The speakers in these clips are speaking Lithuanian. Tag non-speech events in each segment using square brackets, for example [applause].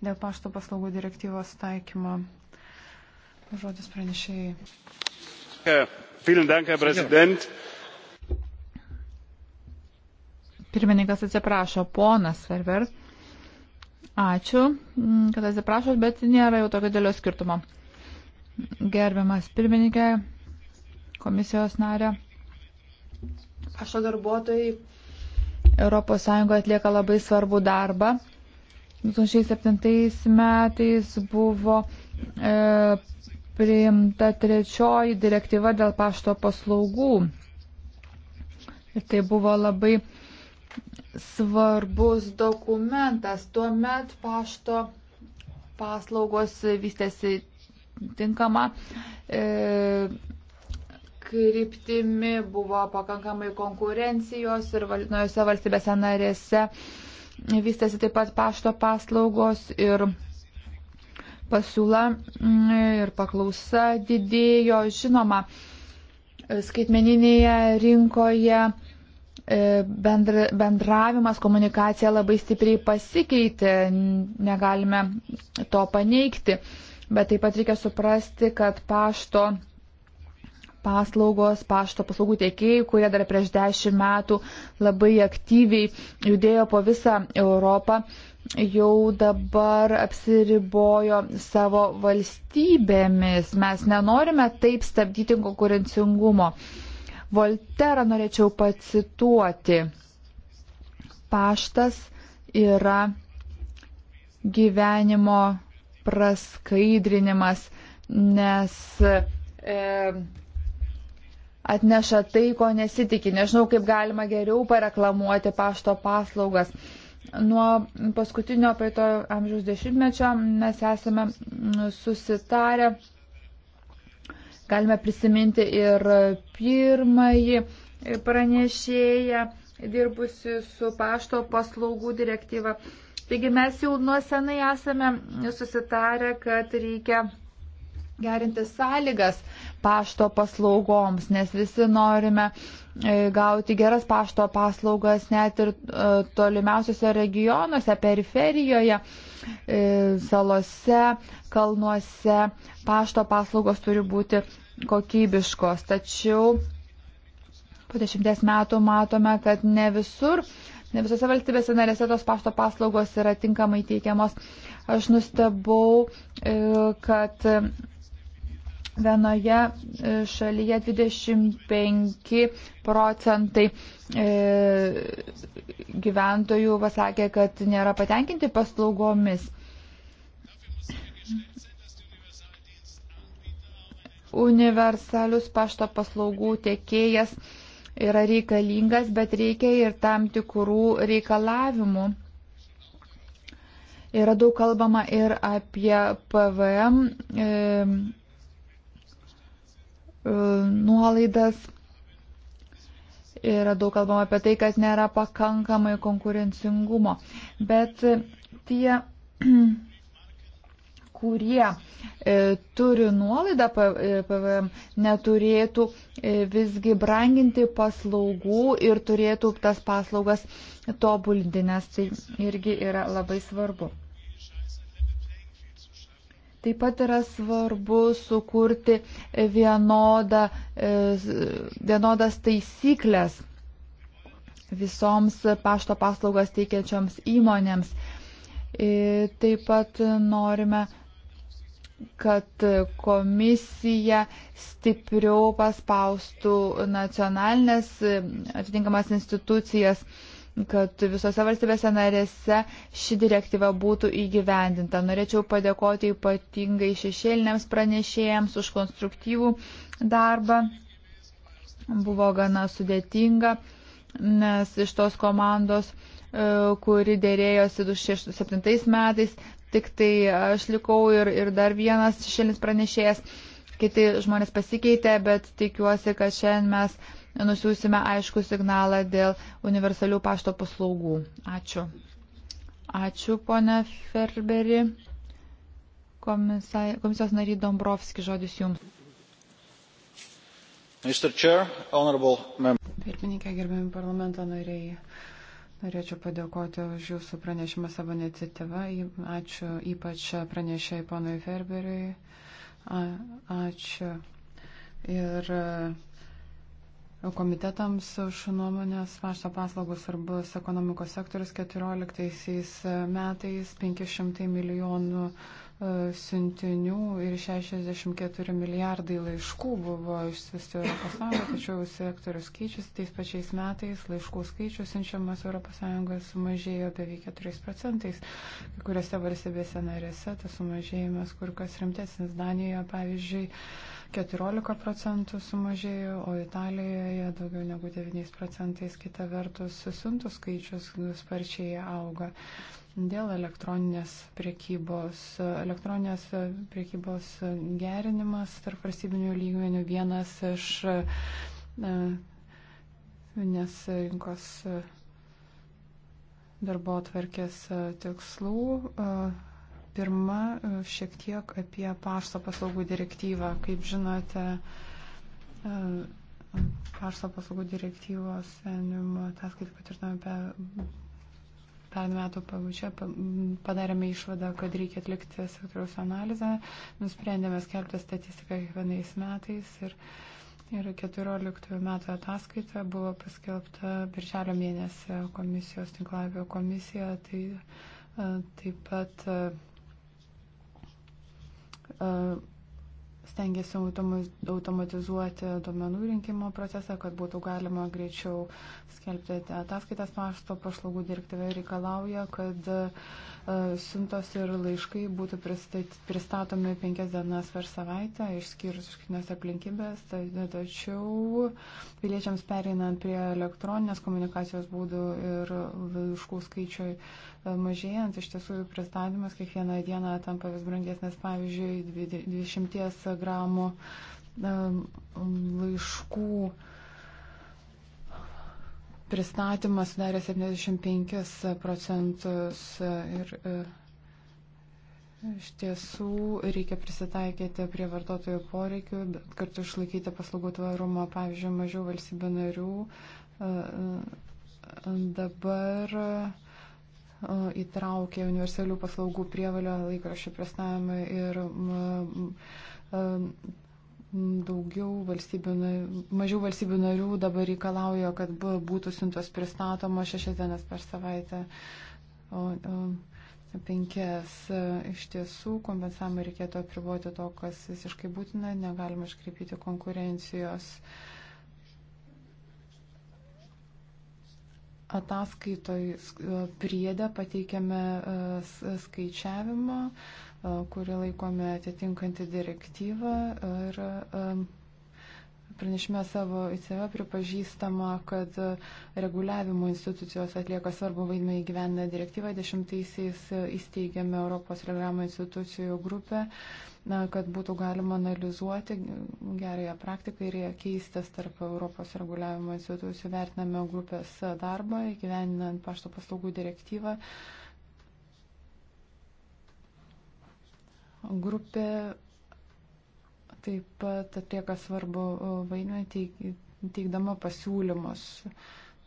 dėl pašto paslaugų direktyvos taikymo. Žodis pranešėjai. Pirmininkas atsiprašo, ponas Ferver. Ačiū, mm, kad atsiprašot, bet nėra jau tokio dėlio skirtumo. Gerbiamas pirmininkė, komisijos narė, pašto darbuotojai ES atlieka labai svarbų darbą 2007 metais buvo e, priimta trečioji direktyva dėl pašto paslaugų. Ir tai buvo labai svarbus dokumentas. Tuomet pašto paslaugos vystėsi tinkama e, kryptimi, buvo pakankamai konkurencijos ir nuojose valstybėse narėse. E, vystėsi taip pat pašto paslaugos ir pasiūla mm, ir paklausa didėjo. Žinoma, skaitmeninėje rinkoje e, bendra, bendravimas, komunikacija labai stipriai pasikeitė, negalime to paneigti, bet taip pat reikia suprasti, kad pašto paslaugos, pašto paslaugų tiekėjai, kurie dar prieš dešimt metų labai aktyviai judėjo po visą Europą, jau dabar apsiribojo savo valstybėmis. Mes nenorime taip stabdyti konkurencingumo. Volterą norėčiau pacituoti. Paštas yra gyvenimo praskaidrinimas, nes e, atneša tai, ko nesitikė. Nežinau, kaip galima geriau pareklamuoti pašto paslaugas. Nuo paskutinio praeito amžiaus dešimtmečio mes esame susitarę, galime prisiminti ir pirmąjį pranešėją dirbusi su pašto paslaugų direktyva. Taigi mes jau nuo senai esame susitarę, kad reikia gerinti sąlygas pašto paslaugoms, nes visi norime e, gauti geras pašto paslaugas net ir e, tolimiausiose regionuose, periferijoje, e, salose, kalnuose. Pašto paslaugos turi būti kokybiškos. Tačiau po dešimties metų matome, kad ne visur Ne visose valstybėse narėse tos pašto paslaugos yra tinkamai teikiamos. Aš nustebau, kad vienoje e, šalyje 25 procentai e, gyventojų pasakė, kad nėra patenkinti paslaugomis. Universalius pašto paslaugų tiekėjas yra reikalingas, bet reikia ir tam tikrų reikalavimų. Yra daug kalbama ir apie PVM. E, E, nuolaidas. Yra daug kalbama apie tai, kad nėra pakankamai konkurencingumo. Bet tie, [clears throat] kurie e, turi nuolaidą PVM, e, neturėtų visgi branginti paslaugų ir turėtų tas paslaugas tobulinti, nes tai irgi yra labai svarbu. Taip pat yra svarbu sukurti vienodą, e, vienodas taisyklės visoms pašto paslaugas teikiančioms įmonėms. E, taip pat norime, kad komisija stipriau paspaustų nacionalinės e, atitinkamas institucijas kad visose valstybėse narėse ši direktyva būtų įgyvendinta. Norėčiau padėkoti ypatingai šešėliniams pranešėjams už konstruktyvų darbą. Buvo gana sudėtinga, nes iš tos komandos, e, kuri dėrėjosi 2007 metais, tik tai aš likau ir, ir dar vienas šešėlinis pranešėjas. Kiti žmonės pasikeitė, bet tikiuosi, kad šiandien mes nusiųsime aišku signalą dėl universalių pašto paslaugų. Ačiū. Ačiū, ponė Ferberi. Komisai, komisijos nariai Dombrovski, žodis jums. Pirmininkė, gerbėmi parlamento nariai, norėčiau padėkoti už jūsų pranešimą savo iniciatyvą. Ačiū ypač pranešėjai ponui Ferberiui. Ačiū ir komitetams už nuomonės pašto paslaugus svarbus ekonomikos sektorius 14 e, metais 500 milijonų e, siuntinių ir 64 milijardai laiškų buvo išsiusti Europos Sąjungoje, tačiau sektorius keičiasi tais pačiais metais, laiškų skaičius siunčiamas Europos Sąjungoje sumažėjo beveik 4 procentais. Kai kuriuose valstybėse narėse tas sumažėjimas kur kas rimtesnis. Danijoje, pavyzdžiui, 14 procentų sumažėjo, o Italijoje daugiau negu 9 procentais. Kita vertus, siuntų skaičius sparčiai auga dėl elektroninės priekybos. Elektroninės priekybos gerinimas tarp valstybinių lygmenių vienas iš e, nes rinkos e, darbo atverkės e, tikslų. Uh, Pirma, e, šiek tiek apie pašto paslaugų direktyvą. Kaip žinote, e, pašto paslaugų direktyvos senimo ataskaitą patvirtinome apie pernai metų pabaigoje padarėme išvadą, kad reikia atlikti sektoriaus analizę, nusprendėme skelbti statistiką kiekvienais metais ir, ir 14 metų ataskaita buvo paskelbta birželio mėnesį komisijos tinklavio komisija, tai e, taip pat E, stengiasi automatizuoti duomenų rinkimo procesą, kad būtų galima greičiau skelbti ataskaitas mašto paslaugų direktyvai reikalauja, kad e, siuntos ir laiškai būtų pristatomi penkias dienas per savaitę, išskyrus iškines aplinkybės, tai tačiau piliečiams pereinant prie elektroninės komunikacijos būdų ir laiškų skaičioj mažėjant, iš tiesų jų pristatymas kiekvieną dieną tampa vis brangesnės, pavyzdžiui, 20 gramų laiškų pristatymas sudarė 75 procentus ir e, iš tiesų reikia prisitaikyti prie vartotojų poreikių, bet kartu išlaikyti paslaugų tvarumą, pavyzdžiui, mažiau valstybių narių. E, e, dabar uh, įtraukė universalių paslaugų prievalę laikraščių prestavimą ir daugiau valstybių, mažiau valstybių narių dabar reikalauja, kad būtų siuntos pristatomos šešias dienas per savaitę. O, o, penkias. E, iš tiesų, kompensavimą reikėtų apriboti to, kas visiškai būtina, negalima iškreipyti konkurencijos. Uh, ataskaitoj e, priedę pateikiame e, e, skaičiavimą, kurį laikome atitinkantį direktyvą ir pranešime savo į save pripažįstama, kad reguliavimo institucijos atlieka svarbu vaidmenį gyvenę direktyvą. Dešimtaisiais įsteigėme Europos reguliavimo institucijų grupę na, kad būtų galima analizuoti gerąją praktiką ir ją keistis tarp Europos reguliavimo institucijų. Vertiname grupės darbą, gyveninant pašto paslaugų direktyvą. Grupė taip pat atlieka svarbu vaidmenį teikdama pasiūlymus. Uh,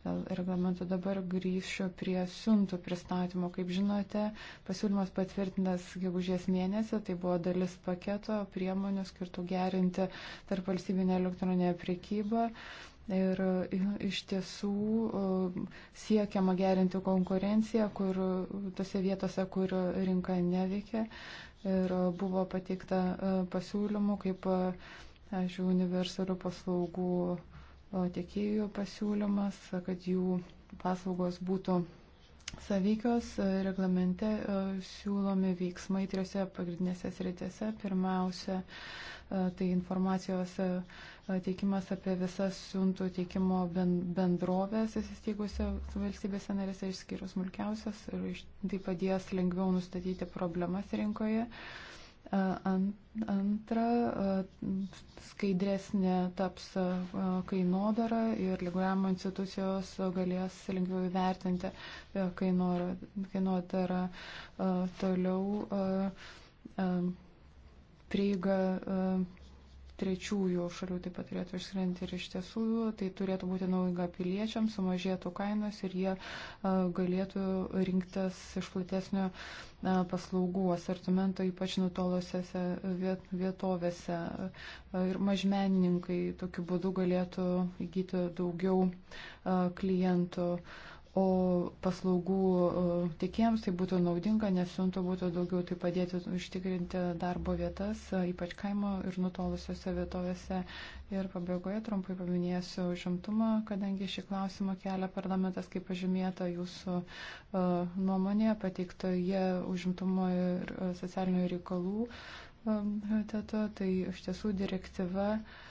dėl reglamento. Dabar grįšiu prie siuntų pristatymo. Kaip žinote, pasiūlymas patvirtintas gegužės mėnesį, tai buvo dalis paketo priemonių skirtų gerinti tarp valstybinę elektroninę priekybą. Ir iš tiesų siekiama gerinti konkurenciją, kur tose vietose, kur rinka neveikia. Ir buvo pateikta e, pasiūlymų, kaip, e, aš jau, universalių paslaugų tiekėjų pasiūlymas, kad jų paslaugos būtų savykios. Reglamente e, siūlomi veiksmai trijose pagrindinėse sritėse. Pirmiausia, e, tai informacijos e, teikimas apie visas siuntų teikimo bendrovės įsisteigusią valstybėse narėse išskyrus smulkiausias ir tai padės lengviau nustatyti problemas rinkoje. Uh, Antra, skaidresnė taps kainodara ir lygiuojamo institucijos galės lengviau įvertinti kainodarą toliau prieiga trečiųjų šalių taip pat turėtų išskrenti ir iš tiesų tai turėtų būti naudinga piliečiams, sumažėtų kainos ir jie galėtų rinktis iš platesnio paslaugų asortimento, ypač nutolosiose vietovėse. Ir mažmenininkai tokiu būdu galėtų įgyti daugiau klientų. Uh, o paslaugų tiekėjams tai būtų naudinga, nes siuntų būtų daugiau, tai padėti užtikrinti darbo vietas, ypač kaimo ir nutolusiuose vietovėse. Ir pabaigoje trumpai paminėsiu užimtumą, kadangi šį klausimą kelia parlamentas, kaip pažymėta jūsų nuomonė, pateiktoje užimtumo ir socialinių reikalų teto, tai iš tiesų direktyva. Uh,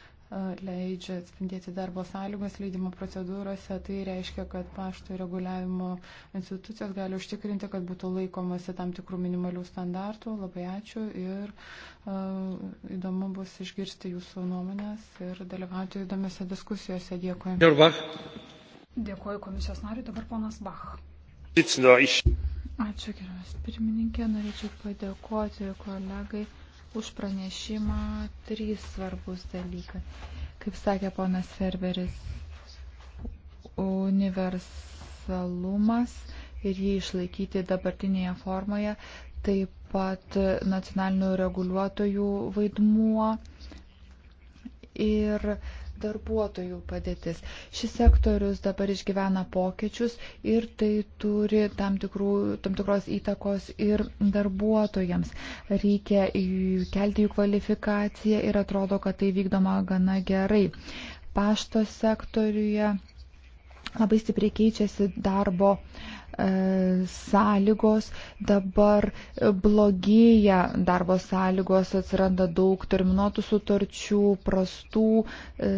leidžia atspindėti darbo sąlygos leidimo procedūrose. Tai reiškia, kad pašto reguliavimo institucijos gali užtikrinti, kad būtų laikomasi tam tikrų minimalių standartų. Labai ačiū ir uh, įdomu bus išgirsti jūsų nuomonės ir dalyvauti įdomiose diskusijose. Dėkui. Dėkuoju komisijos nariui, dabar ponas Bach. Ačiū, geras pirmininkė, norėčiau padėkoti kolegai už pranešimą trys svarbus dalykai. Kaip sakė ponas Ferberis, universalumas ir jį išlaikyti dabartinėje formoje, taip pat nacionalinių reguliuotojų vaidmuo ir uh, darbuotojų padėtis. Šis sektorius dabar išgyvena pokyčius ir tai turi tam, tikrų, tam tikros įtakos ir darbuotojams. Reikia kelti jų kvalifikaciją ir atrodo, kad tai vykdoma gana gerai. Pašto sektoriuje labai stipriai keičiasi darbo e, sąlygos, dabar blogėja darbo sąlygos, atsiranda daug terminuotų sutarčių, prastų e,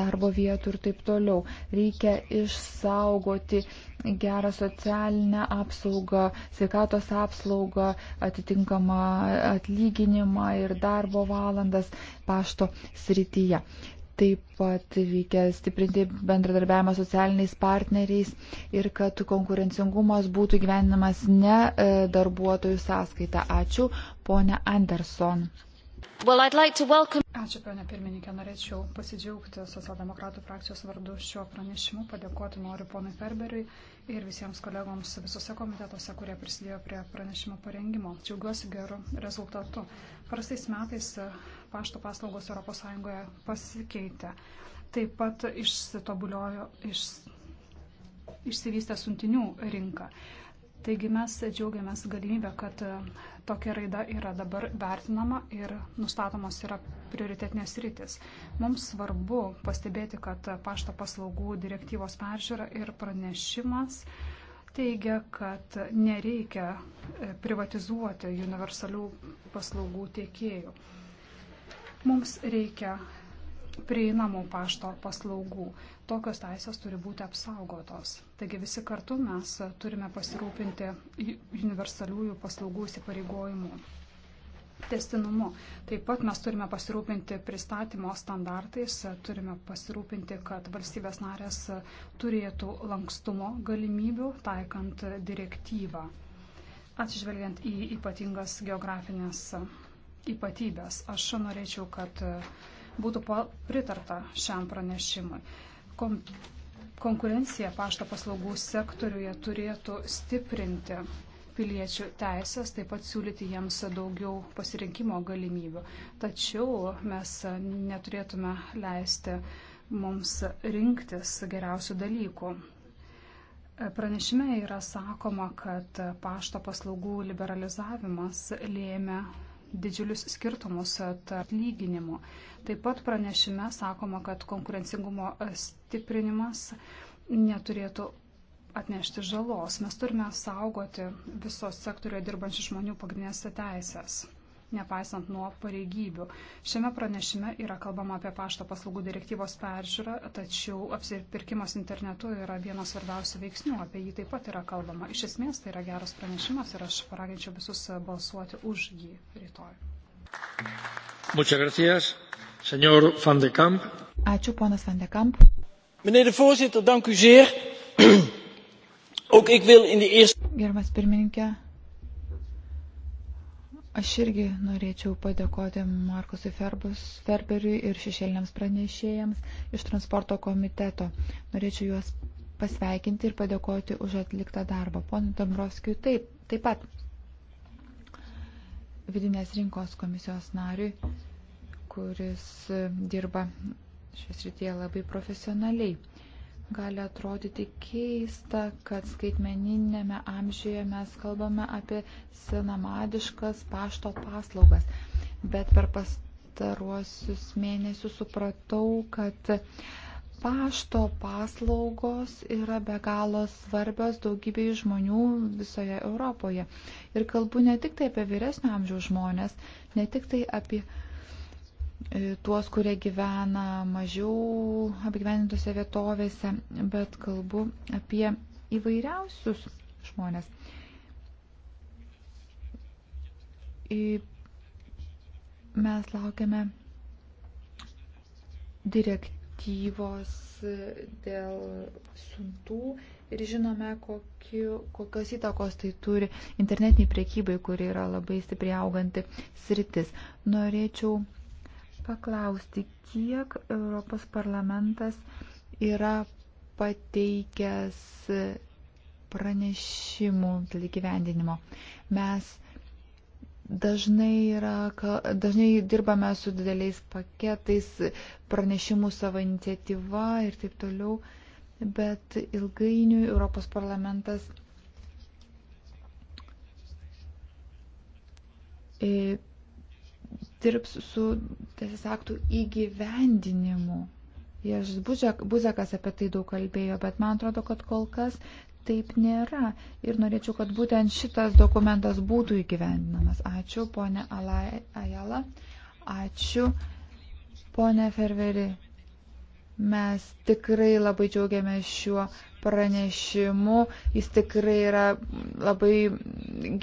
darbo vietų ir taip toliau. Reikia išsaugoti gerą socialinę apsaugą, sveikatos apsaugą, atitinkamą atlyginimą ir darbo valandas pašto srityje. Taip pat reikia stiprinti bendradarbiavimą socialiniais partneriais ir kad konkurencingumas būtų gyvenimas ne e, darbuotojų sąskaita. Ačiū, ponia Anderson. Well, like welcome... Ačiū, ponia pirmininkė. Norėčiau pasidžiaugti socialdemokratų frakcijos vardu šiuo pranešimu, padėkoti noriu ponui Ferberiui ir visiems kolegoms visose komitetuose, kurie prisidėjo prie pranešimo parengimo. Džiaugiuosi geru rezultatu. Prastais metais pašto paslaugos ES pasikeitė. Taip pat išsitobuliojo, iš, išsivystė suntinių rinka. Taigi mes džiaugiamės galimybę, kad e, tokia raida yra dabar vertinama ir nustatomos yra prioritetinės rytis. Mums svarbu pastebėti, kad pašto paslaugų direktyvos peržiūra ir pranešimas teigia, kad nereikia e, privatizuoti universalių paslaugų tiekėjų. Mums reikia prieinamų pašto paslaugų. Tokios teisės turi būti apsaugotos. Taigi visi kartu mes turime pasirūpinti universaliųjų paslaugų įsipareigojimų. Testinumu. Taip pat mes turime pasirūpinti pristatymo standartais, turime pasirūpinti, kad valstybės narės turėtų lankstumo galimybių taikant direktyvą, atsižvelgiant į ypatingas geografinės ypatybės. Aš norėčiau, kad e, būtų pritarta šiam pranešimui. Kom konkurencija pašto paslaugų sektoriuje turėtų stiprinti piliečių teisės, taip pat siūlyti jiems daugiau pasirinkimo galimybių. Tačiau mes neturėtume leisti mums rinktis geriausių dalykų. Pranešime yra sakoma, kad pašto paslaugų liberalizavimas lėmė didžiulius skirtumus tarp atlyginimų. Taip pat pranešime sakoma, kad konkurencingumo stiprinimas neturėtų atnešti žalos. Mes turime saugoti visos sektorio dirbančių žmonių pagrindinės teisės nepaisant nuo pareigybių. Šiame pranešime yra kalbama apie pašto paslaugų direktyvos peržiūrą, tačiau apsipirkimas internetu yra vienas svarbiausių veiksnių, apie jį taip pat yra kalbama. Iš esmės tai yra geras pranešimas ir aš paraginčiau visus balsuoti už jį rytoj. Muchas gracias, señor Van de Kamp. Ačiū, ponas Van de Kamp. Meneer de voorzitter, dank u zeer. [clears throat] Ook ik wil in de eerste. Gerbiamas pirmininkė, Aš irgi norėčiau padėkoti Markusui Ferbus, Ferberiui ir šešėliniams pranešėjams iš transporto komiteto. Norėčiau juos pasveikinti ir padėkoti už atliktą darbą. Pone Dombrovskijui taip, taip pat vidinės rinkos komisijos nariui, kuris dirba šios rytyje labai profesionaliai gali atrodyti keista, kad skaitmeninėme amžiuje mes kalbame apie senamadiškas pašto paslaugas. Bet per pastaruosius mėnesius supratau, kad pašto paslaugos yra be galo svarbios daugybei žmonių visoje Europoje. Ir kalbu ne tik tai apie vyresnio amžiaus žmonės, ne tik tai apie E, tuos, kurie gyvena mažiau apgyvenintose vietovėse, bet kalbu apie įvairiausius žmonės. Mes laukiame direktyvos dėl siuntų ir žinome, kokiu, kokios įtakos tai turi internetiniai priekybai, kuri yra labai stipriai auganti sritis. Norėčiau paklausti, kiek Europos parlamentas yra pateikęs pranešimų dėl įgyvendinimo. Mes dažnai, yra, dažnai dirbame su dideliais paketais, pranešimų savo iniciatyva ir taip toliau, bet ilgainiui Europos parlamentas e, dirbs su teisės aktų įgyvendinimu. Ježis Buzekas apie tai daug kalbėjo, bet man atrodo, kad kol kas taip nėra. Ir norėčiau, kad būtent šitas dokumentas būtų įgyvendinamas. Ačiū, ponė Ajala. Ačiū, ponė Ferveri. Mes tikrai labai džiaugiamės šiuo pranešimu. Jis tikrai yra labai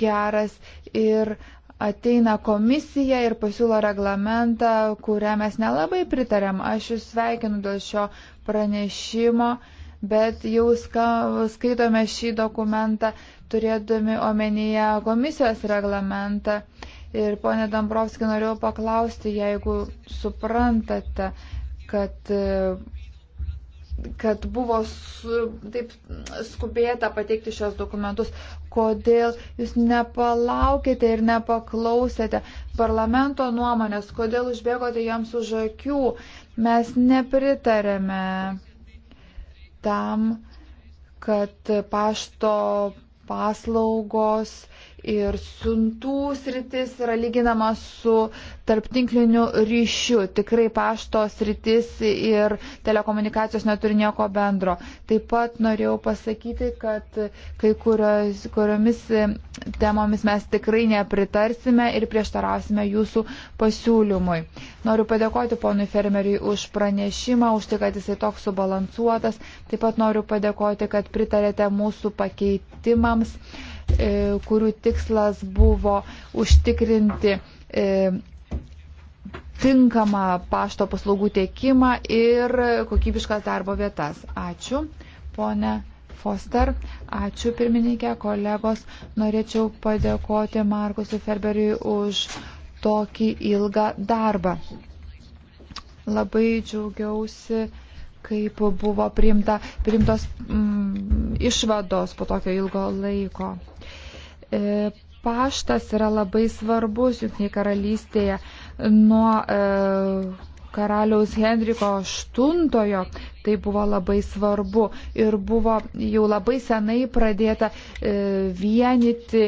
geras ir ateina komisija ir pasiūlo reglamentą, kuriam mes nelabai pritarėm. Aš jūs sveikinu dėl šio pranešimo, bet jau ska, skaitome šį dokumentą turėdami omenyje komisijos reglamentą. Ir ponė Dombrovski, norėjau paklausti, jeigu suprantate, kad kad buvo su, taip skubėta pateikti šios dokumentus. Kodėl jūs nepalaukite ir nepaklausėte parlamento nuomonės, kodėl užbėgote jiems už akių. Mes nepritarėme tam, kad pašto paslaugos ir siuntų sritis yra lyginama su tarptinkliniu ryšiu. Tikrai pašto sritis ir telekomunikacijos neturi nieko bendro. Taip pat norėjau pasakyti, kad kai kurios, kuriomis temomis mes tikrai nepritarsime ir prieštarausime jūsų pasiūlymui. Noriu padėkoti ponui Fermeriui už pranešimą, už tai, kad jisai toks subalansuotas. Taip pat noriu padėkoti, kad pritarėte mūsų pakeitimams. Uh, E, kurių tikslas buvo užtikrinti e, tinkamą pašto paslaugų tiekimą ir kokybiškas darbo vietas. Ačiū, ponė Foster. Ačiū, pirmininkė, kolegos. Norėčiau padėkoti Markusui Ferberiui už tokį ilgą darbą. Labai džiaugiausi kaip buvo priimta, priimtos mm, išvados po tokio ilgo laiko. E, paštas yra labai svarbus Junktinėje karalystėje nuo e, karaliaus Henriko VIII. Tai buvo labai svarbu ir buvo jau labai senai pradėta e, vienyti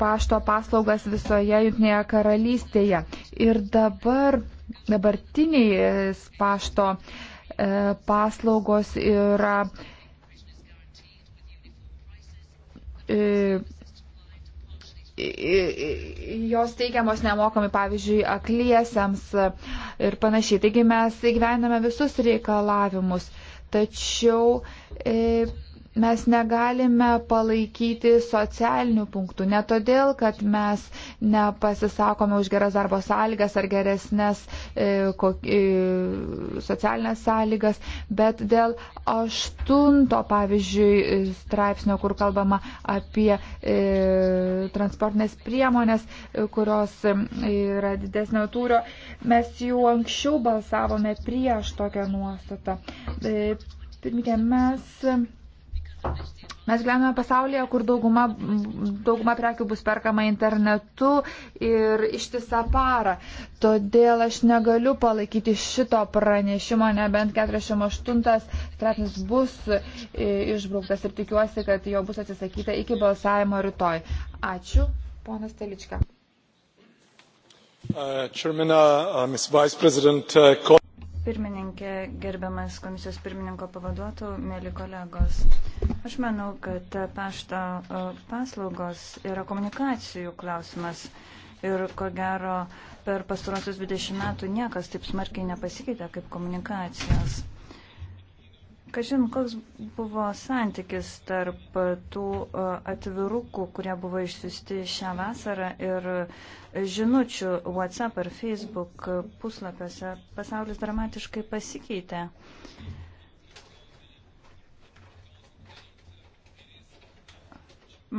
pašto paslaugas visoje Junktinėje karalystėje. Ir dabar dabartiniai pašto paslaugos yra jos teikiamos nemokami, pavyzdžiui, akliesiams e, ir panašiai. Taigi mes įgyvename visus reikalavimus, tačiau e, mes negalime palaikyti socialinių punktų. Ne todėl, kad mes nepasisakome už geras darbo sąlygas ar geresnės e, kok, e, socialinės sąlygas, bet dėl aštunto, pavyzdžiui, straipsnio, kur kalbama apie e, transportinės priemonės, e, kurios e, yra didesnio tūrio, mes jau anksčiau balsavome prieš tokią nuostatą. E, Pirmininkė, mes Mes gyvename pasaulyje, kur dauguma, dauguma prekių bus perkama internetu ir ištisą parą. Todėl aš negaliu palaikyti šito pranešimo, nebent 48 straipsnis bus e, išbrauktas ir tikiuosi, kad jo bus atsisakyta iki balsavimo rytoj. Ačiū, ponas Telička. Uh, chairman, uh, uh pirmininkė, gerbiamas komisijos pirmininko pavaduotų, mėly kolegos. Aš manau, kad pašto paslaugos yra komunikacijų klausimas ir ko gero per pastarosius 20 metų niekas taip smarkiai nepasikeitė kaip komunikacijos. Kažin, koks buvo santykis tarp tų e, atvirukų, kurie buvo išsiusti šią vasarą ir žinučių WhatsApp ar Facebook puslapiuose. Pasaulis dramatiškai pasikeitė.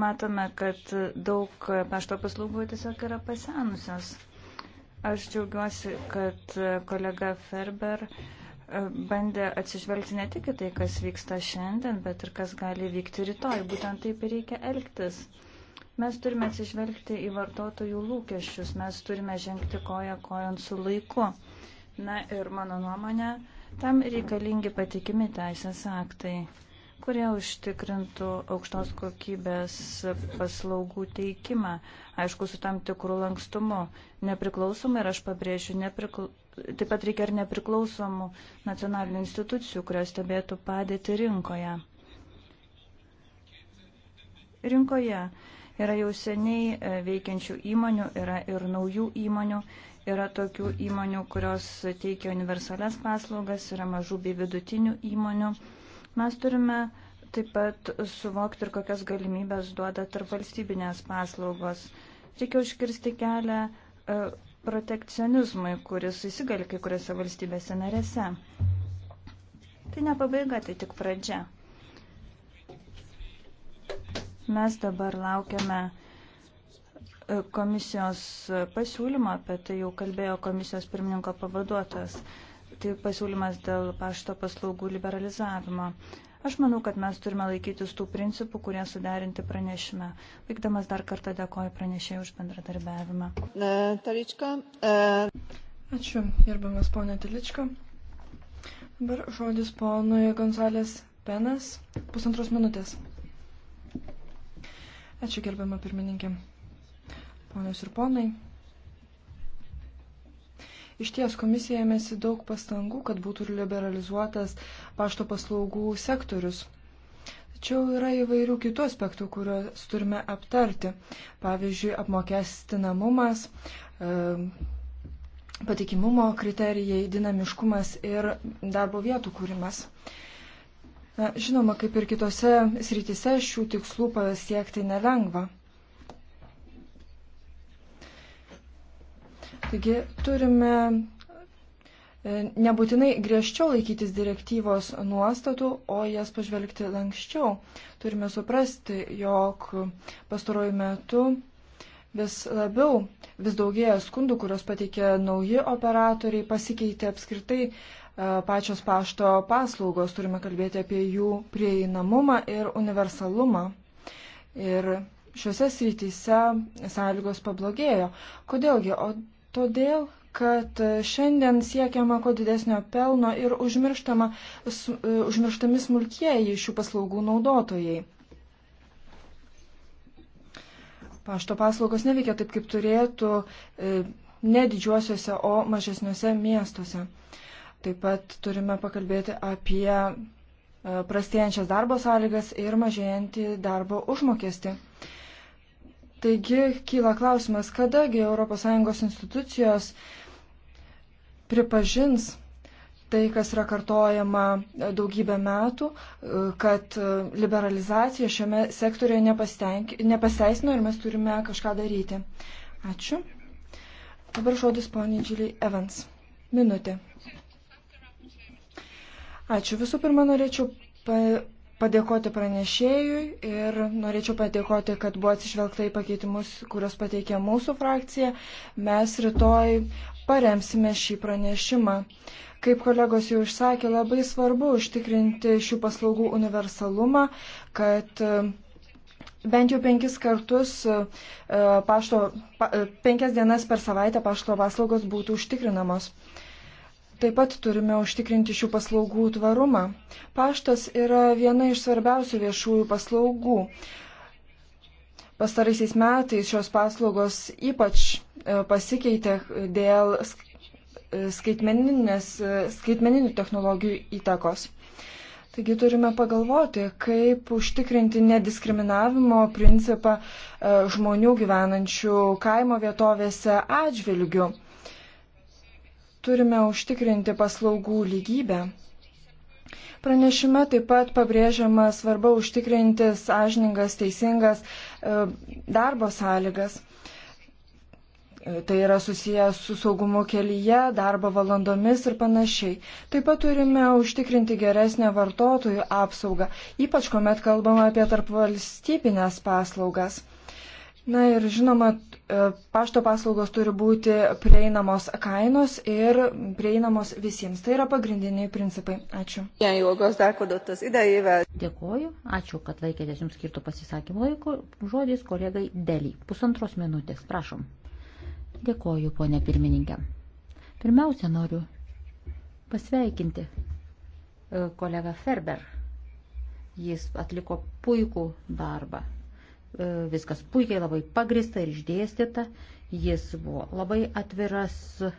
Matome, kad daug pašto paslaugų tiesiog yra pasenusios. Aš džiaugiuosi, kad kolega Ferber uh, bandė atsižvelgti ne tik į tai, kas vyksta šiandien, bet ir kas gali vykti rytoj. Būtent taip ir reikia elgtis. Mes turime atsižvelgti į vartotojų lūkesčius, mes turime žengti koją kojant su laiku. Na ir mano nuomonė, tam reikalingi patikimi teisės aktai kurie užtikrintų aukštos kokybės paslaugų teikimą, aišku, su tam tikrų lankstumu. Nepriklausomai, ir aš pabrėžiu, neprikla... taip pat reikia ir nepriklausomų nacionalinių institucijų, kurios stebėtų padėti rinkoje. Rinkoje yra jau seniai e, veikiančių įmonių, yra ir naujų įmonių, yra tokių įmonių, kurios teikia universales paslaugas, yra mažų bei vidutinių įmonių Mes turime taip pat suvokti ir kokias galimybės duoda tarp valstybinės paslaugos. Reikia užkirsti kelią e, protekcionizmui, kuris įsigali kai kuriuose valstybėse narėse. Tai ne pabaiga, tai tik pradžia. Mes dabar laukiame e, komisijos pasiūlymą, apie tai jau kalbėjo komisijos pirmininko pavaduotojas pateikti pasiūlymas dėl pašto paslaugų liberalizavimo. Aš manau, kad mes turime laikytis tų principų, kurie suderinti pranešime. Baigdamas dar kartą dėkoju pranešėjai už bendradarbiavimą. Talička. E, Ačiū, gerbiamas ponė Talička. Dabar žodis ponui Gonzalės Penas, pusantros minutės. Ačiū, gerbiama pirmininkė. Ponios ir ponai. Iš ties komisija ėmėsi daug pastangų, kad būtų liberalizuotas pašto paslaugų sektorius. Tačiau yra įvairių kitų aspektų, kuriuos turime aptarti. Pavyzdžiui, apmokestinamumas, e, patikimumo kriterijai, dinamiškumas ir darbo vietų kūrimas. Na, žinoma, kaip ir kitose srityse šių tikslų pasiekti nelengva. Taigi turime e, nebūtinai griežčiau laikytis direktyvos nuostatų, o jas pažvelgti lankščiau. Turime suprasti, jog pastaruoju metu vis labiau, vis daugėja skundų, kurios pateikė nauji operatoriai, pasikeitė apskritai e, pačios pašto paslaugos. Turime kalbėti apie jų prieinamumą ir universalumą. Ir šiuose srityse sąlygos pablogėjo. Kodėlgi? O Todėl, kad šiandien siekiama kuo didesnio pelno ir e, užmirštami smulkieji šių paslaugų naudotojai. Pašto paslaugos neveikia taip, kaip turėtų e, ne didžiuosiuose, o mažesniuose miestuose. Taip pat turime pakalbėti apie e, prastėjančias darbo sąlygas ir mažėjantį darbo užmokestį. Taigi kyla klausimas, kadagi ES institucijos pripažins tai, kas yra kartojama daugybę metų, kad liberalizacija šiame sektorėje nepasteisino ir mes turime kažką daryti. Ačiū. Dabar žodis poniai Džiliai Evans. Minutė. Ačiū. Visų pirma, norėčiau padėkoti pranešėjui ir norėčiau padėkoti, kad buvo atsižvelgta į pakeitimus, kurios pateikė mūsų frakcija. Mes rytoj paremsime šį pranešimą. Kaip kolegos jau išsakė, labai svarbu užtikrinti šių paslaugų universalumą, kad e, bent jau penkis kartus e, pašto, e, penkias dienas per savaitę pašto paslaugos būtų užtikrinamos. Taip pat turime užtikrinti šių paslaugų tvarumą. Paštas yra viena iš svarbiausių viešųjų paslaugų. Pastaraisiais metais šios paslaugos ypač e, pasikeitė dėl e, e, skaitmeninių technologijų įtakos. Taigi turime pagalvoti, kaip užtikrinti nediskriminavimo principą žmonių gyvenančių kaimo vietovėse atžvilgių turime užtikrinti paslaugų lygybę. Pranešime taip pat pabrėžiama svarba užtikrinti sąžiningas, teisingas e, darbo sąlygas. E, tai yra susijęs su saugumu kelyje, darbo valandomis ir panašiai. Taip pat turime užtikrinti geresnę vartotojų apsaugą, ypač kuomet kalbama apie tarpvalstybinės paslaugas. Na ir žinoma, e, pašto paslaugos turi būti prieinamos kainos ir prieinamos visiems. Tai yra pagrindiniai principai. Ačiū. Dėkuoju, ačiū, kad laikėtės jums skirto pasisakymų laiko. Žodis kolegai Deli. Pusantros minutės, prašom. Dėkuoju, ponė pirmininkė. Pirmiausia, noriu pasveikinti e, kolegą Ferber. Jis atliko puikų darbą E, viskas puikiai labai pagrista ir išdėstyta, jis buvo labai atviras, e,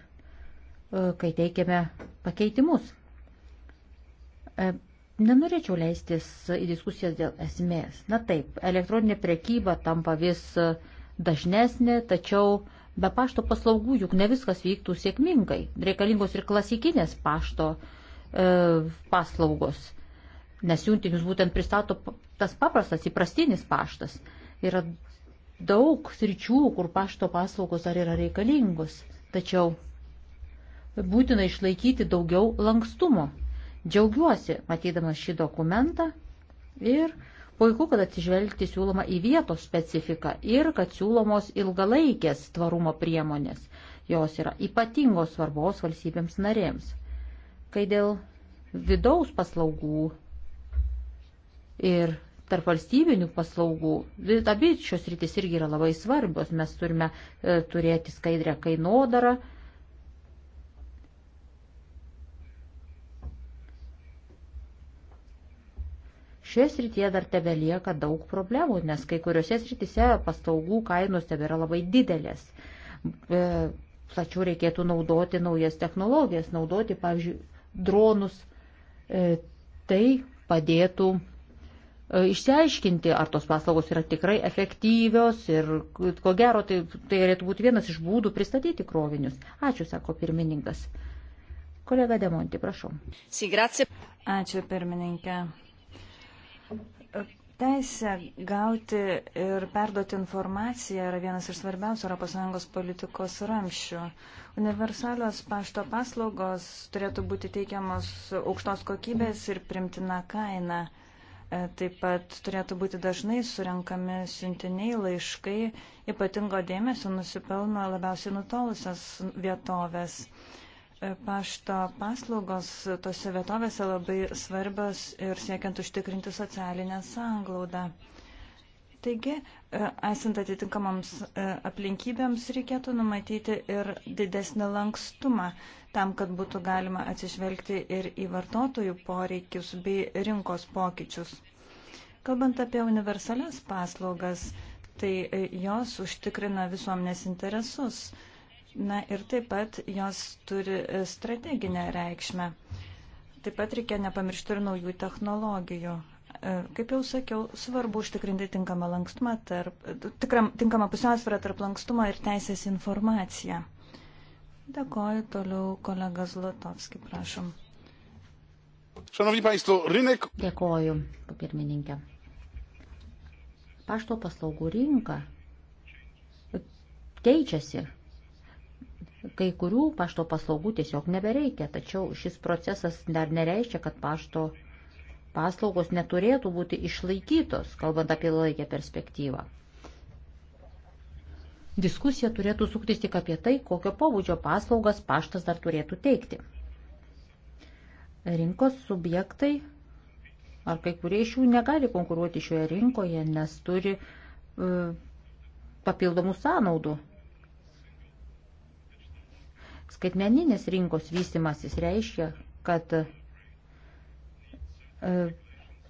kai teikėme pakeitimus. E, nenorėčiau leistis į diskusijas dėl esmės. Na taip, elektroninė prekyba tampa vis dažnesnė, tačiau be pašto paslaugų juk ne viskas vyktų sėkmingai. Reikalingos ir klasikinės pašto e, paslaugos, nes siuntinius būtent pristato tas paprastas įprastinis paštas. E, Yra daug sričių, kur pašto paslaugos dar yra reikalingos, tačiau būtina išlaikyti daugiau lankstumo. Džiaugiuosi matydamas šį dokumentą ir puiku, kad atsižvelgti siūloma į vietos specifiką ir kad siūlomos ilgalaikės tvarumo priemonės. Jos yra ypatingos svarbos valstybėms narėms. Kai dėl vidaus paslaugų ir tarp valstybinių paslaugų. Abi šios rytis irgi yra labai svarbios. Mes turime e, turėti skaidrę kainodarą. Šioje srityje dar tebe lieka daug problemų, nes kai kuriuose srityse paslaugų kainos tebe yra labai didelės. E, tačiau reikėtų naudoti naujas technologijas, naudoti, pavyzdžiui, dronus. E, tai padėtų išsiaiškinti, ar tos paslaugos yra tikrai efektyvios ir ko gero tai, tai galėtų būti vienas iš būdų pristatyti krovinius. Ačiū, sako pirmininkas. Kolega Demonti, prašau. Ačiū, pirmininkė. Teisė gauti ir perduoti informaciją yra vienas iš svarbiausių ES politikos ramščių. Universalios pašto paslaugos turėtų būti teikiamos aukštos kokybės ir primtina kaina. E, taip pat turėtų būti dažnai surenkami siuntiniai, laiškai, ypatingo dėmesio nusipelno labiausiai nutolusias vietovės. E, pašto paslaugos tose vietovėse labai svarbios ir siekiant užtikrinti socialinę sanglaudą. Taigi, e, esant atitinkamams e, aplinkybėms, reikėtų numatyti ir didesnį lankstumą tam, kad būtų galima atsižvelgti ir į vartotojų poreikius bei rinkos pokyčius. Kalbant apie universalias paslaugas, tai e, jos užtikrina visuomenės interesus. Na ir taip pat jos turi strateginę reikšmę. Taip pat reikia nepamiršti ir naujų technologijų. E, kaip jau sakiau, svarbu užtikrinti tinkamą lankstumą, tarp, tikram, tinkamą pusiausvyrą tarp lankstumo ir teisės informaciją. Dėkoju toliau kolega Zlotovski, prašom. Szanowni Państwo, rynek. Dėkoju, papirmininkė. Pašto paslaugų rinka keičiasi. Kai kurių pašto paslaugų tiesiog nebereikia, tačiau šis procesas dar nereiškia, kad pašto paslaugos neturėtų būti išlaikytos, kalbant apie laikę perspektyvą. Diskusija turėtų suktis tik apie tai, kokio pobūdžio paslaugas paštas dar turėtų teikti. Rinkos subjektai ar kai kurie iš jų negali konkuruoti šioje rinkoje, nes turi uh, papildomų sąnaudų. Skaitmeninės rinkos vystimasis reiškia, kad uh, E,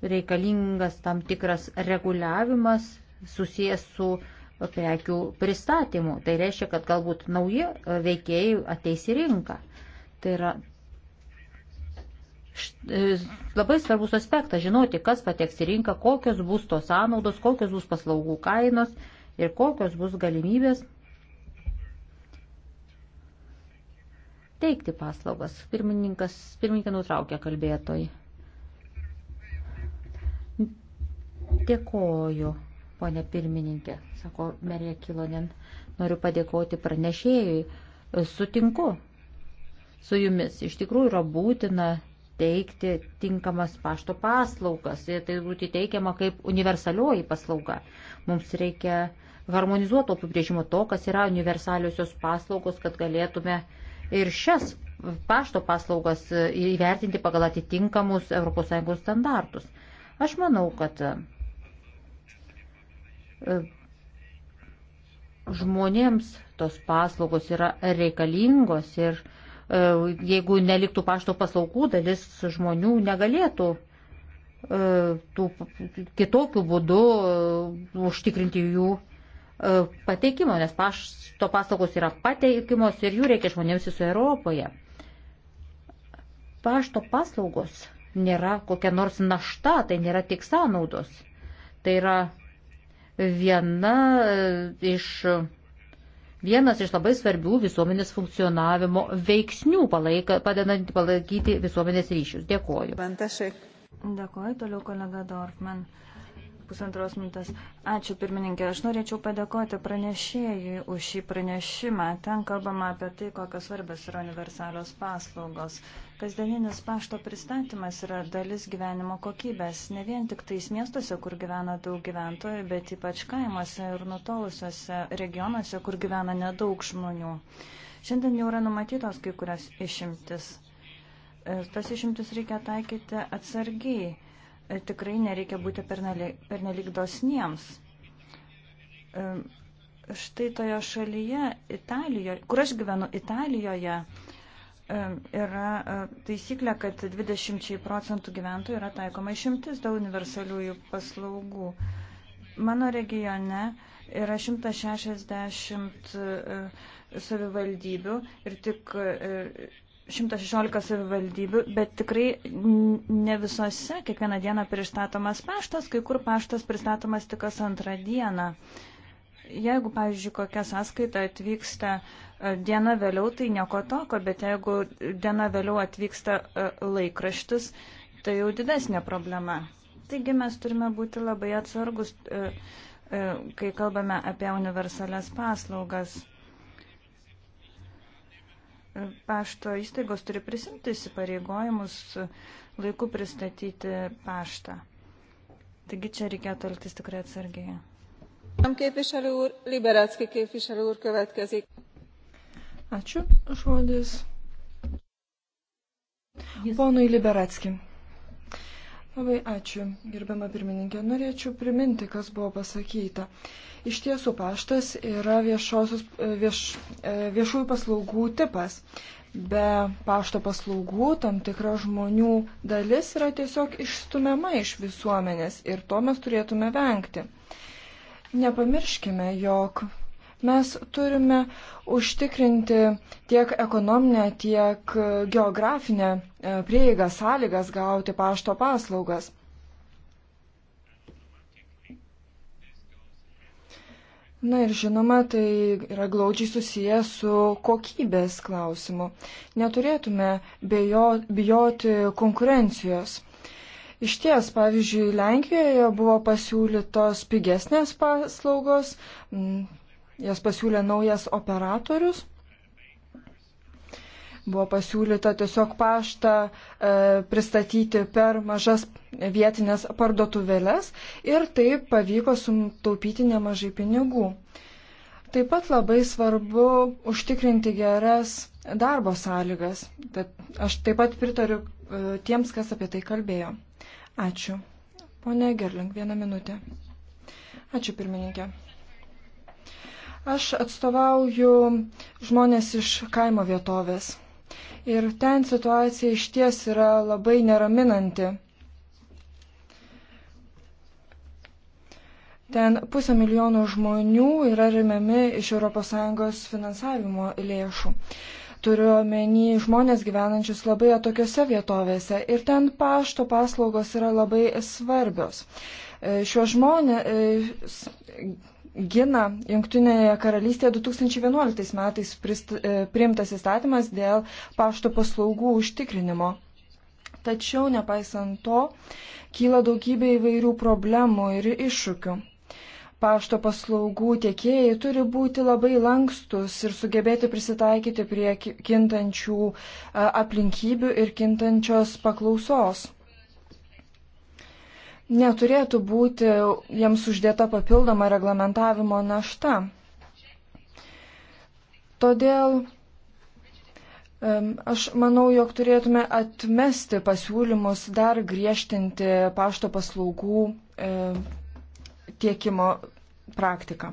reikalingas tam tikras reguliavimas susijęs su prekių pristatymu. Tai reiškia, kad galbūt nauji veikėjai ateis į rinką. Tai yra e, labai svarbus aspektas žinoti, kas pateks į rinką, kokios bus tos sąnaudos, kokios bus paslaugų kainos ir kokios bus galimybės teikti paslaugas. Pirmininkas, pirmininkė nutraukė kalbėtojai. Dėkoju, ponė pirmininkė, sako Merija Kilonin. Noriu padėkoti pranešėjui. Sutinku su jumis. Iš tikrųjų yra būtina teikti tinkamas pašto paslaugas. Ir tai būti teikiama kaip universalioji paslauga. Mums reikia harmonizuoto apibrėžimo to, kas yra universaliosios paslaugos, kad galėtume ir šias pašto paslaugas įvertinti pagal atitinkamus ES standartus. Aš manau, kad E, žmonėms tos paslaugos yra reikalingos ir e, jeigu neliktų pašto paslaugų, dalis žmonių negalėtų e, tų kitokių būdų užtikrinti jų pateikimo, nes pašto paslaugos yra pateikimos ir jų reikia žmonėms visoje Europoje. Pašto paslaugos nėra kokia nors našta, tai nėra tik sąnaudos. Tai yra viena e, iš, vienas iš labai svarbių visuomenės funkcionavimo veiksnių, palaika, padedant palaikyti visuomenės ryšius. Dėkoju. Dėkoju, toliau kolega Dorfman pusantros minutės. Ačiū pirmininkė. Aš norėčiau padėkoti pranešėjui už šį pranešimą. Ten kalbama apie tai, kokios svarbios yra universalios paslaugos. Kasdieninis pašto pristatymas yra dalis gyvenimo kokybės. Ne vien tik tais miestuose, kur gyvena daug gyventojų, bet ypač kaimuose ir nutolusiuose regionuose, kur gyvena nedaug žmonių. Šiandien jau yra numatytos kai kurias išimtis. Tas išimtis reikia taikyti atsargiai E, tikrai nereikia būti pernelyg dosniems. E, štai toje šalyje, Italijoje, kur aš gyvenu, Italijoje, e, yra taisyklė, kad 20 procentų gyventojų yra taikoma išimtis dėl universaliųjų paslaugų. Mano regione yra 160 savivaldybių ir tik 116 savivaldybių, bet tikrai ne visose kiekvieną dieną pristatomas paštas, kai kur paštas pristatomas tik kas antrą dieną. Jeigu, pavyzdžiui, kokia sąskaita atvyksta e, diena vėliau, tai nieko toko, bet jeigu diena vėliau atvyksta e, laikraštis, tai jau didesnė problema. Taigi mes turime būti labai atsargus, e, kai kalbame apie universalias paslaugas pašto įstaigos turi prisimti įsipareigojimus laiku pristatyti paštą. Taigi čia reikėtų elgtis tikrai atsargiai. Ačiū. Žodis. Ponui Liberatski. Labai ačiū, gerbama pirmininkė. Norėčiau priminti, kas buvo pasakyta. Iš tiesų, paštas yra viešosios, e, vieš, e, viešųjų paslaugų tipas. Be pašto paslaugų tam tikra žmonių dalis yra tiesiog išstumiama iš visuomenės ir to mes turėtume vengti. Nepamirškime, jog Mes turime užtikrinti tiek ekonominę, tiek geografinę e, prieigą, sąlygas gauti pašto paslaugas. Na ir žinoma, tai yra glaudžiai susiję su kokybės klausimu. Neturėtume bejo, bijoti konkurencijos. Iš ties, pavyzdžiui, Lenkijoje buvo pasiūlytos pigesnės paslaugos, Jas pasiūlė naujas operatorius. Buvo pasiūlyta tiesiog paštą e, pristatyti per mažas vietinės parduotuvėlės ir taip pavyko sutaupyti nemažai pinigų. Taip pat labai svarbu užtikrinti geras darbo sąlygas. Tad aš taip pat pritariu e, tiems, kas apie tai kalbėjo. Ačiū. Pone Gerling, vieną minutę. Ačiū pirmininkė. Aš atstovauju žmonės iš kaimo vietovės. Ir ten situacija iš ties yra labai neraminanti. Ten pusę milijono žmonių yra remiami iš ES finansavimo lėšų. Turiu omeny žmonės gyvenančius labai atokiose vietovėse ir ten pašto paslaugos yra labai svarbios. E, Šiuos žmonės e, gina Junktinėje karalystėje 2011 metais prist, e, priimtas įstatymas dėl pašto paslaugų užtikrinimo. Tačiau, nepaisant to, kyla daugybė įvairių problemų ir iššūkių. Pašto paslaugų tiekėjai turi būti labai lankstus ir sugebėti prisitaikyti prie kintančių e, aplinkybių ir kintančios paklausos neturėtų būti jiems uždėta papildoma reglamentavimo našta. Todėl aš manau, jog turėtume atmesti pasiūlymus dar griežtinti pašto paslaugų e, tiekimo praktiką.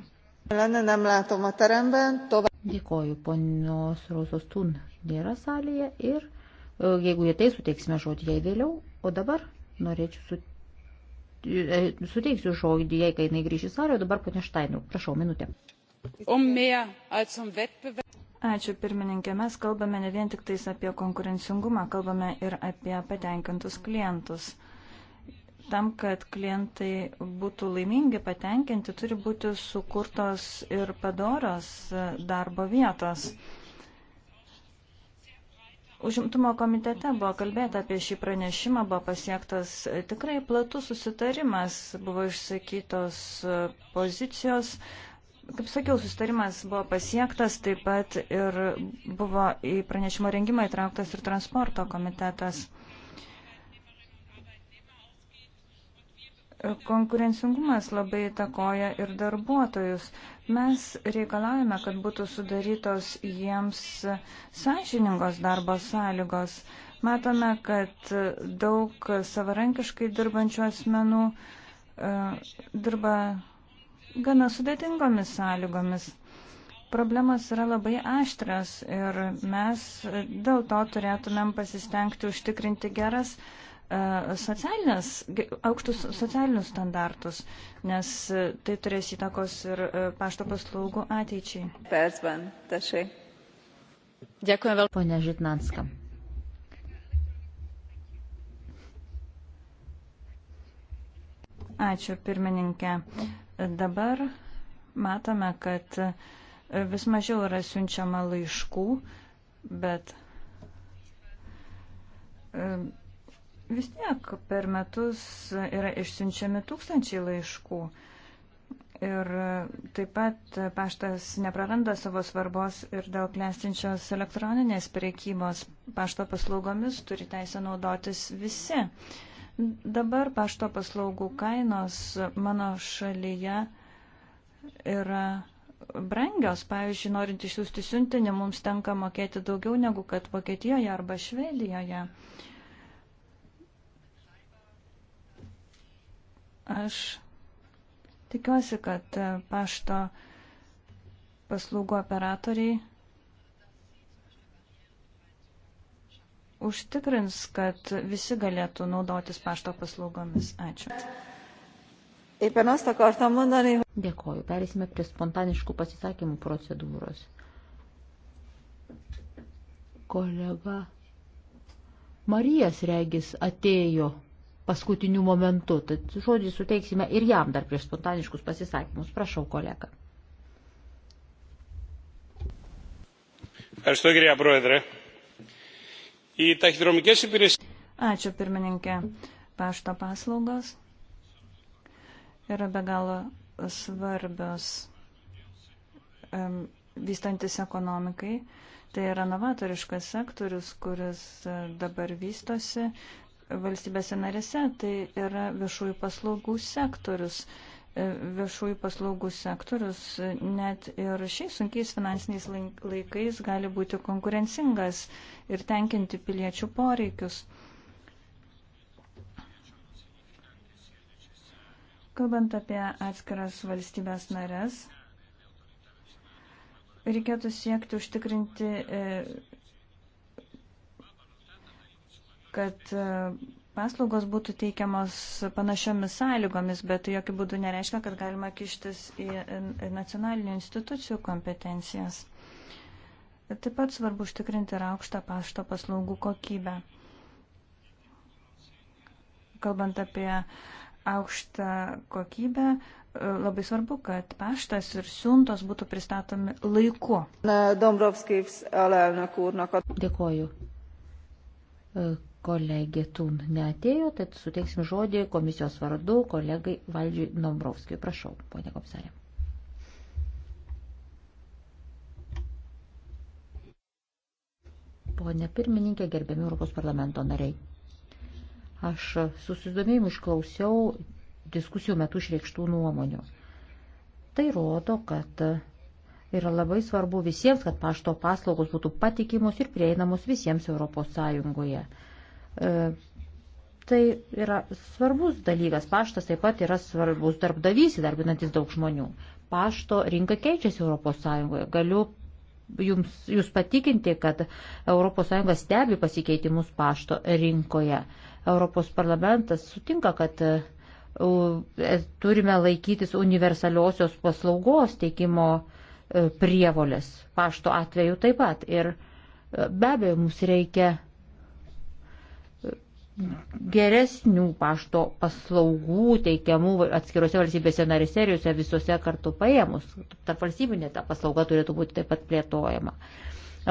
Dėkoju, ponios Rosos Tun nėra salėje ir e, jeigu jie tai suteiksime žodį jai vėliau, o dabar norėčiau sutikti E, suteiksiu žodį, jei kai jinai grįžys salę, dabar ponė Štainų. Prašau, minutė. Um Ačiū pirmininkė, mes kalbame ne vien tik tais apie konkurencingumą, kalbame ir apie patenkintus klientus. Tam, kad klientai būtų laimingi, patenkinti, turi būti sukurtos ir padoros darbo vietos. Mm. Užimtumo komitete buvo kalbėta apie šį pranešimą, buvo pasiektas e, tikrai platus susitarimas, buvo išsakytos e, pozicijos. Kaip sakiau, susitarimas buvo pasiektas, taip pat ir buvo į pranešimo rengimą įtrauktas ir transporto komitetas. Konkurencingumas labai įtakoja ir darbuotojus. Mes reikalavime, kad būtų sudarytos jiems sąžiningos darbo sąlygos. Matome, kad daug savarankiškai dirbančių asmenų uh, dirba gana sudėtingomis sąlygomis. Problemas yra labai aštrios ir mes dėl to turėtumėm pasistengti užtikrinti geras sąlygas E, socialinės, aukštus socialinius standartus, nes e, tai turės įtakos ir e, pašto paslaugų ateičiai. Persvan, tašai. Dėkui vėl. Pone Žitnanska. Ačiū, pirmininkė. Dabar matome, kad vis mažiau yra siunčiama laiškų, bet vis tiek per metus yra išsiunčiami tūkstančiai laiškų. Ir taip pat paštas nepraranda savo svarbos ir dėl klestinčios elektroninės priekybos. Pašto paslaugomis turi teisę naudotis visi. Dabar pašto paslaugų kainos mano šalyje yra brangios. Pavyzdžiui, norint išsiųsti siuntinį, mums tenka mokėti daugiau negu kad Vokietijoje arba Švedijoje. Uh, Aš tikiuosi, kad e, pašto paslaugų operatoriai užtikrins, kad visi galėtų naudotis pašto paslaugomis. Ačiū. Éppen azt akartam mondani, hogy... Dėkoju. Perėsime prie spontaniškų pasisakymų procedūros. Kolega Marijas Regis atėjo paskutiniu momentu. Tad žodį suteiksime ir jam dar prieš spontaniškus pasisakymus. Prašau, kolega. Ačiū, pirmininkė. Pašto paslaugos yra be galo svarbios um, vystantis ekonomikai. Tai yra novatoriškas sektorius, kuris e, dabar vystosi, valstybėse narėse, tai yra viešųjų paslaugų sektorius. E, viešųjų paslaugų sektorius net ir šiais sunkiais finansiniais laikais gali būti konkurencingas ir tenkinti piliečių poreikius. Kalbant apie atskiras valstybės narės, reikėtų siekti užtikrinti e, kad e, paslaugos būtų teikiamos panašiomis sąlygomis, bet tai jokių būdų nereiškia, kad galima kištis į nacionalinių institucijų kompetencijas. Taip pat svarbu užtikrinti ir aukštą pašto paslaugų kokybę. Kalbant apie aukštą kokybę, e, labai svarbu, kad paštas ir siuntos būtų pristatomi laiku. Dombrovskis, Alelnak úrnak. Dėkoju e, kolegė Tun neatėjo, tad suteiksim žodį komisijos vardu kolegai Valdžiui Dombrovskijui. Prašau, ponė komisarė. Pone pirmininkė, gerbiami Europos parlamento nariai. Aš susidomėjimu išklausiau diskusijų metu išreikštų nuomonių. Tai rodo, kad yra labai svarbu visiems, kad pašto paslaugos būtų patikimos ir prieinamos visiems Europos Sąjungoje E, tai yra svarbus dalykas. Paštas taip pat yra svarbus darbdavys, įdarbinantis daug žmonių. Pašto rinka keičiasi ES. Galiu jums, jūs patikinti, kad ES stebi pasikeitimus pašto rinkoje. Europos parlamentas sutinka, kad e, e, turime laikytis universaliosios paslaugos teikimo prievolės. Pašto atveju taip pat. Ir be abejo, mums reikia geresnių pašto paslaugų teikiamų atskiruose valstybėse narėse ir juose visose kartu paėmus. Tarp valstybinė ta paslauga turėtų būti taip pat plėtojama.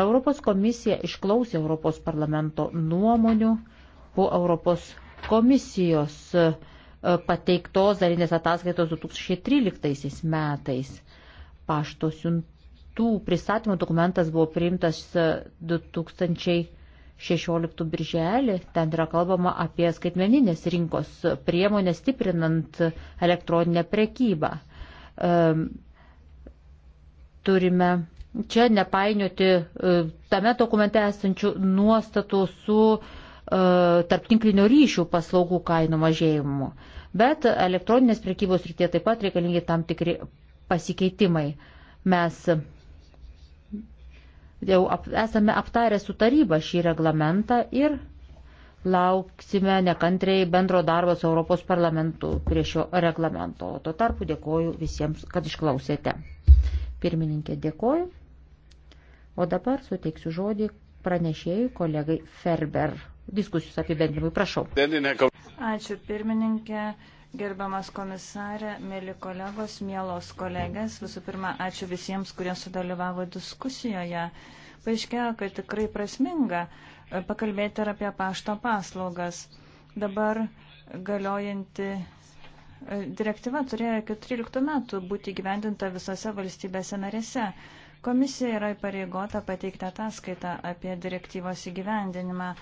Europos komisija išklausė Europos parlamento nuomonių po Europos komisijos e, pateiktos darinės ataskaitos 2013 metais. Pašto siuntų pristatymo dokumentas buvo priimtas 2000. E, 16 birželį. Ten yra kalbama apie skaitmeninės rinkos priemonę stiprinant elektroninę prekybą. Ehm, turime čia nepainioti e, tame dokumente esančių nuostatų su e, tarptinklinio ryšių paslaugų kainų mažėjimu. Bet elektroninės prekybos rytie taip pat reikalingi tam tikri pasikeitimai. Mes Jau ap, esame aptarę su taryba šį reglamentą ir lauksime nekantriai bendro darbo su Europos parlamentu prie šio reglamento. O tuo tarpu dėkoju visiems, kad išklausėte. Pirmininkė dėkoju. O dabar suteiksiu žodį pranešėjui kolegai Ferber. Diskusijos apibendrimui, prašau. Ačiū pirmininkė. Gerbiamas komisarė, mėly kolegos, mielos kolegės, visų pirma, ačiū visiems, kurie sudalyvavo diskusijoje. Paaiškėjo, kad tikrai prasminga e, pakalbėti ir apie pašto paslaugas. Dabar galiojanti e, direktyva turėjo iki 13 metų būti gyvendinta visose valstybėse narėse. Komisija yra įpareigota pateikti ataskaitą apie direktyvos įgyvendinimą.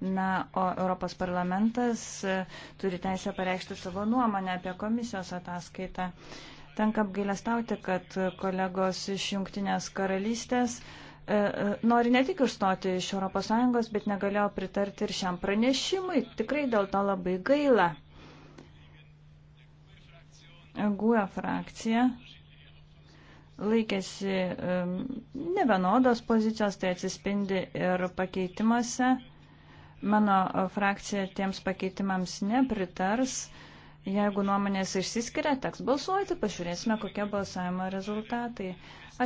Na, o Europos parlamentas e, turi teisę pareikšti savo nuomonę apie komisijos ataskaitą. Tenka apgailestauti, kad kolegos iš Junktinės karalystės e, e, nori ne tik išstoti iš ES, bet negalėjo pritarti ir šiam pranešimui. Tikrai dėl to labai gaila. GUE frakcija laikėsi nevienodos pozicijos, tai atsispindi ir pakeitimuose. Mano frakcija tiems pakeitimams nepritars. Jeigu nuomonės išsiskiria, teks balsuoti, pažiūrėsime, kokie balsavimo rezultatai.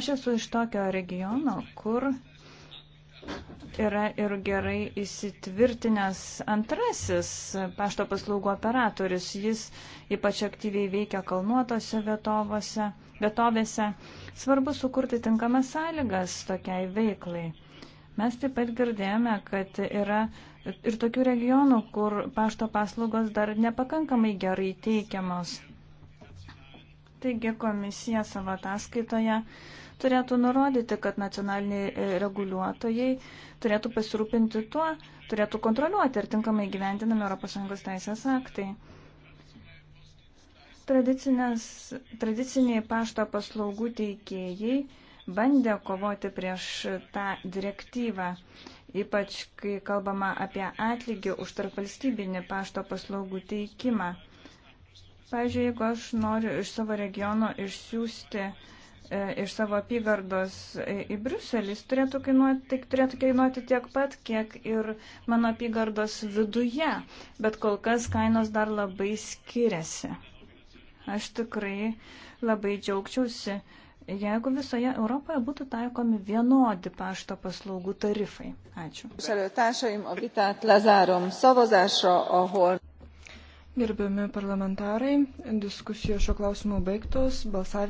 Aš esu iš tokio regiono, kur yra ir gerai įsitvirtinęs antrasis pašto paslaugų operatorius. Jis ypač aktyviai veikia kalnuotose vietovose, vietovėse. Svarbu sukurti tinkamas sąlygas tokiai veiklai. Mes taip pat girdėjome, kad yra ir tokių regionų, kur pašto paslaugos dar nepakankamai gerai teikiamos. Taigi komisija savo ataskaitoje turėtų nurodyti, kad nacionaliniai e, reguliuotojai turėtų pasirūpinti tuo, turėtų kontroliuoti ir tinkamai gyventinami ES teisės aktai. Tradiciniai pašto paslaugų teikėjai bandė kovoti prieš tą direktyvą, ypač kai kalbama apie atlygį už tarpvalstybinį pašto paslaugų teikimą. Pavyzdžiui, jeigu aš noriu iš savo regiono išsiųsti e, iš savo apygardos į Briuselį, jis turėtų kainuoti, tik, turėtų kainuoti tiek pat, kiek ir mano apygardos viduje, bet kol kas kainos dar labai skiriasi. Aš tikrai labai džiaugčiausi, jeigu visoje Europoje būtų taikomi vienodi pašto paslaugų tarifai. Ačiū. Gerbiami parlamentarai, diskusijos šio klausimu baigtos, balsavimas.